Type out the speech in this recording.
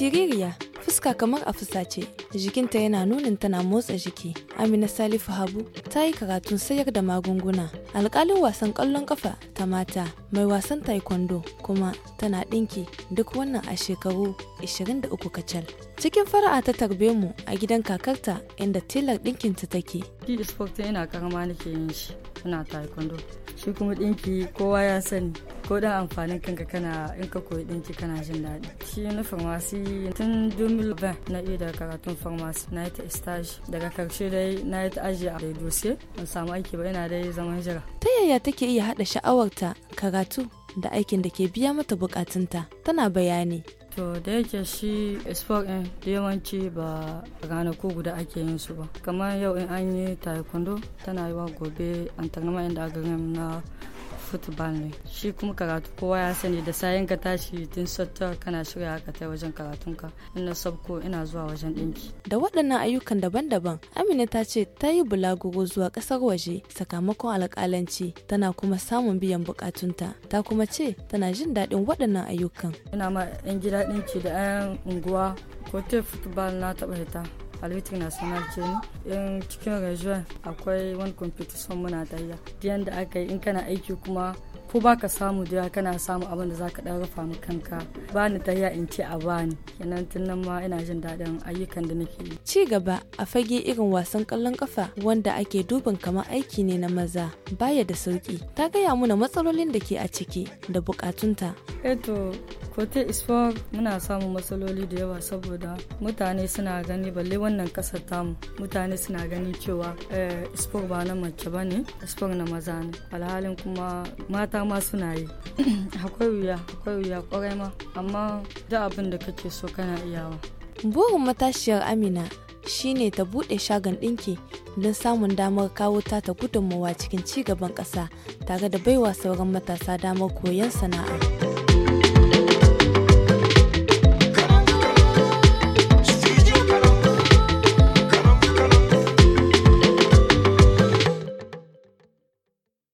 Siririya fuska kamar a fusace, jikinta yana nunin tana motsa jiki. Amina Salifu Habu ta yi karatun sayar da magunguna. alkalin wasan kallon ƙafa ta mata, mai wasan taekwondo kuma tana ɗinki duk wannan a shekaru 23 kacal. Cikin fara'a ta tarbe mu a gidan kakarta inda tilar ɗinkinta take. Ki sport yana karama nake yin shi, tana taekwondo. Shi kuma dinki kowa ya sani. ko da amfanin kanka kana in ka koyi dinki kana jin daɗi shi na farmasi tun 2020 na iya daga karatun farmasi na yi ta stage daga karshe dai na yi ta ajiye a dosiye ban samu aiki ba ina dai zaman jira ta yaya take iya haɗa sha'awarta karatu da aikin da ke biya mata bukatunta tana bayani to da yake shi sport ɗin da yawanci ba ranaku guda ake yin su ba kamar yau in an yi taekwondo tana yi wa gobe an tarnama inda a garin na football ne shi kuma karatu kowa ya sani da sayan ka tashi tun sattar kana shirya ka ta wajen karatunka ina sabko ina zuwa wajen ɗinki da waɗannan ayyukan daban-daban amina ta ce ta yi bulaguro zuwa ƙasar waje sakamakon alƙalanci tana kuma samun biyan buƙatunta ta kuma ce tana jin daɗin waɗannan ayyukan ina ma 'yan gida dinki da 'yan unguwa ko te football na taɓa hita albitik national ce in cikin rajuwa akwai wani competition muna tayya biyan da aka yi in kana aiki kuma ko ba ka samu da kana samu abin da za ka ɗan rufa kanka ba ni ta in ce a bani kenan tun nan ma ina jin daɗin ayyukan da nake yi. ci gaba a fage irin wasan kallon kafa wanda ake dubin kamar aiki ne na maza baya da sauki ta gaya muna matsalolin da ke a ciki da bukatunta eto eh kote isfor muna samun matsaloli da yawa saboda mutane suna gani balle wannan kasar tamu mutane suna gani cewa isfor eh, ba na mace ba ne isfor na maza ne alhalin kuma mata ma suna yi akwai wuya akwai wuya kwarai ma amma da abin da kake so kana iyawa burin matashiyar amina shine ta buɗe shagon ɗinki don samun damar kawo ta ta gudunmawa cikin ci gaban ƙasa tare da baiwa sauran matasa damar koyon sana'a.